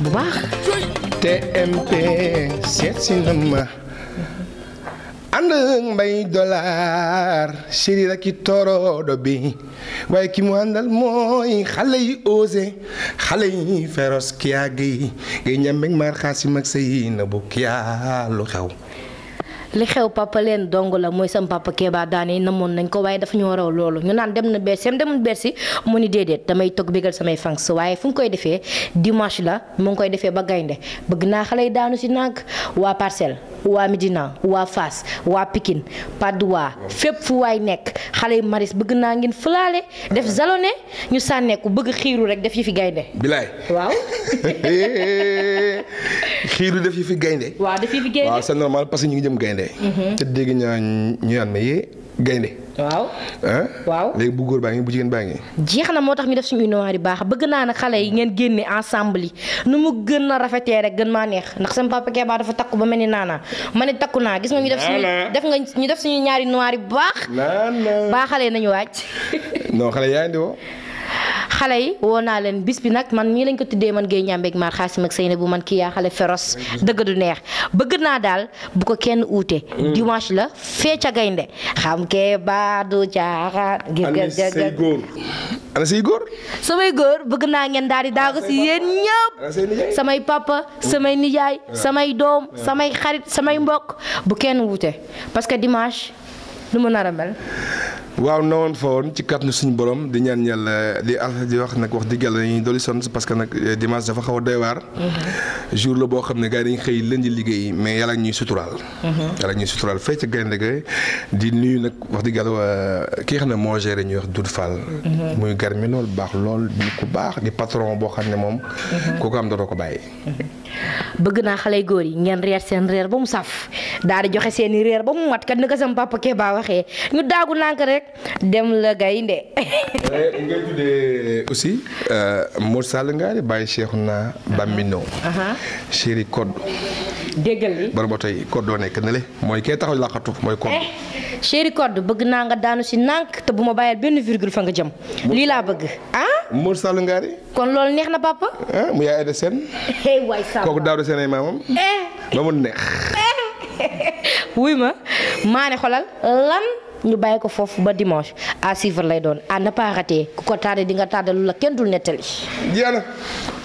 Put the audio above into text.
bu baax. TMP seet si ma ànd mbay dollar chéri rek i torodo bi waaye ki mu àndal mooy xale yi osé xale yi féroce ki yaa gi ngay ñam beeg maar xaasim ak say na bu ki yaa lu xew. li xew papa leen dong la mooy sam papa Kéba daane namoon nañ ko waaye dafa ñoo raw loolu ñu naan dem na Bercy am demul Bercy mu ni déedéet damay togg bégal samay fans waaye fu ngi koy defee dimanche la mu ngi koy defee ba gaynde bëgg naa xale yi daanu si nag waa parcelle waa Médina waa Fass waa Pikine Patte d'Oie fépp fu waay nekk xale yu maris bëgg naa ngeen fulaale def zalone ñu sànneeku bëgg xiiru rek def yi fi gaynde bilaay waaw xiiru def yi fi gaynde waaw def yi fi gaynde waaw c'est normal parce ñu ngi jëm gaynde mhm. te dégg ñaa ñu yaan ma yee gaynde waaw. waaw léegi bu góor baa ngi bu jigéen baa ngi. jeex na moo tax ñu def suñu noir yu baax bëgg naa nag xale yi ngeen génne ensemble yi nu mu gën a rafetee rek gën maa neex ndax sama papa Keba dafa takku ba mel ni naanaa ma ne takku naa gis nga ñu def suñu def nga ñu def suñu ñaari noir yu baax. naan baaxalee nañu waaj. non xale yaa indi woo. xale yi woo naa leen bis bi nag man ñii lañ ko tuddee man Guèye Ndiambé maar xaasim ak Seyna bu man kii yaa xale féroce dëgg du neex bëgg naa daal bu ko kenn uute. Mm. dimanche la fee ca gaynde xam ke baadu caaxaan. gis nga say góor. samay góor bëgg naa ngeen daal di daago si yéen ñëpp. samay papa samay nijaay samay doom samay xarit samay mbokk bu kenn wuute parce que dimanche lu mu nar a mel. waaw na woon fa woon ci kàttanu suñu borom di ñaan yàlla di al di wax nag wax dëgg yàlla dañuy dolli sonn parce que nag eh, dimanche dafa xaw a doy waar. Mm-hmm. jour la boo xam ne gars yi dañuy xëy lënd liggéey mais yàlla ñuy suturaal. Mm-hmm. yàlla ñuy suturaal fay ca gaynde ga di nuyu nag wax di yàlla ki nga xam ne moo géré ñuy wax Doudou Fall. Mm-hmm. muy garmi lool baax lool di baax di patron boo xam ne moom. kooku am dootoo ko bàyyi. bëgg naa xale góor yi ngeen reer seen reer ba mu saf daal di joxe seeni reer ba mu mat kat naka sama papa Keba waxee ñu daagu nànk rek dem la gaynde eh, nga tuddee aussi euh, Mor Sall Ngaari bàyyi Cheikhouna Bamino chéri Koddo déggal li bari ba tey Koddo nekk na mooy kee taxaw laqatu mooy Koddo eh, chéri Koddo bëgg naa nga daanu si nànk te bu ma bàyyal benn virgule fa nga jëm lii laa bëgg ah? Mor Sall Ngari. kon loolu neex na papa. ah mu yaay Aïda Sène. kooku daaw de Sène ay maamam. Eh. ba mu neex. wuy ma maa ne xolal lan ñu bàyyi ko foofu ba dimanche à suivre lay doon à ne pas ku ko tardé di nga tardé la kenn dul nettali. jeex